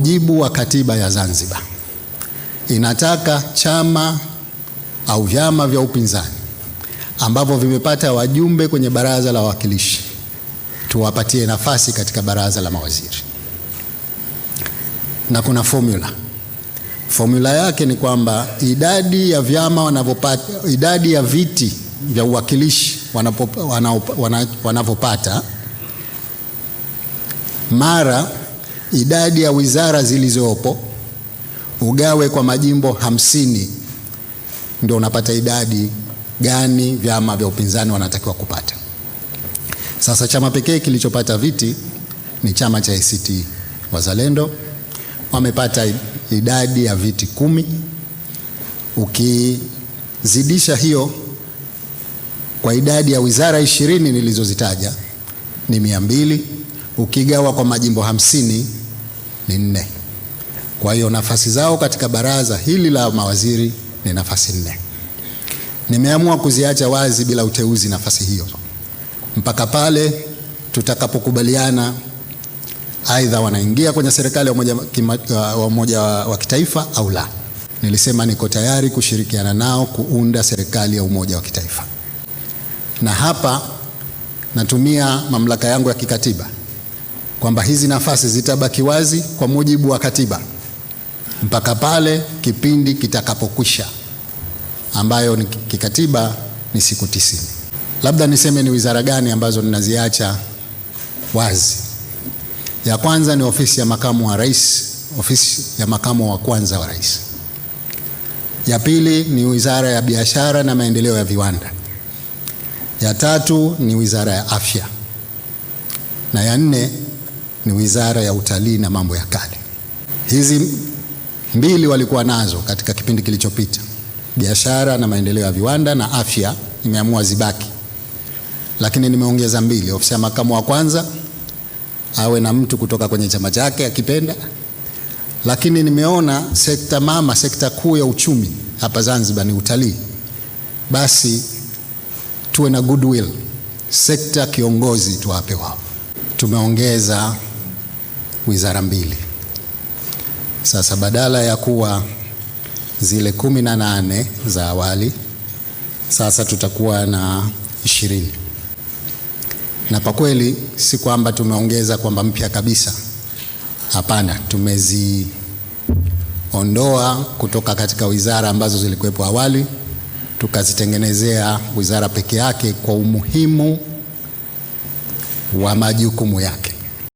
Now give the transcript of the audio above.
mujibu wa katiba ya Zanzibar inataka chama au vyama vya upinzani ambavyo vimepata wajumbe kwenye baraza la wawakilishi tuwapatie nafasi katika baraza la mawaziri, na kuna formula. Formula yake ni kwamba idadi ya vyama wanavyopata, idadi ya viti vya uwakilishi wanavyopata mara idadi ya wizara zilizopo ugawe kwa majimbo hamsini, ndio unapata idadi gani vyama vya upinzani wanatakiwa kupata. Sasa chama pekee kilichopata viti ni chama cha ACT Wazalendo, wamepata idadi ya viti kumi. Ukizidisha hiyo kwa idadi ya wizara ishirini nilizozitaja ni mia mbili ukigawa kwa majimbo hamsini ni nne. Kwa hiyo nafasi zao katika baraza hili la mawaziri ni nafasi nne. Nimeamua kuziacha wazi bila uteuzi nafasi hiyo mpaka pale tutakapokubaliana aidha wanaingia kwenye serikali ya umoja, wa uh, umoja wa kitaifa au la. Nilisema niko tayari kushirikiana nao kuunda serikali ya umoja wa kitaifa, na hapa natumia mamlaka yangu ya kikatiba kwamba hizi nafasi zitabaki wazi kwa mujibu wa katiba mpaka pale kipindi kitakapokwisha, ambayo ni kikatiba ni siku tisini. Labda niseme ni wizara gani ambazo ninaziacha wazi. Ya kwanza ni ofisi ya makamu wa rais, ofisi ya makamu wa kwanza wa rais. Ya pili ni wizara ya biashara na maendeleo ya viwanda. Ya tatu ni wizara ya afya, na ya nne ni Wizara ya Utalii na Mambo ya Kale. Hizi mbili walikuwa nazo katika kipindi kilichopita, biashara na maendeleo ya viwanda na afya, nimeamua zibaki, lakini nimeongeza mbili. Ofisa makamu wa kwanza awe na mtu kutoka kwenye chama chake akipenda, lakini nimeona sekta mama, sekta kuu ya uchumi hapa Zanzibar ni utalii, basi tuwe na goodwill, sekta kiongozi tuwape wao. Tumeongeza wizara mbili. Sasa badala ya kuwa zile kumi na nane za awali, sasa tutakuwa na ishirini. Na kwa kweli si kwamba tumeongeza kwamba mpya kabisa, hapana, tumeziondoa kutoka katika wizara ambazo zilikuwepo awali, tukazitengenezea wizara peke yake kwa umuhimu wa majukumu yake.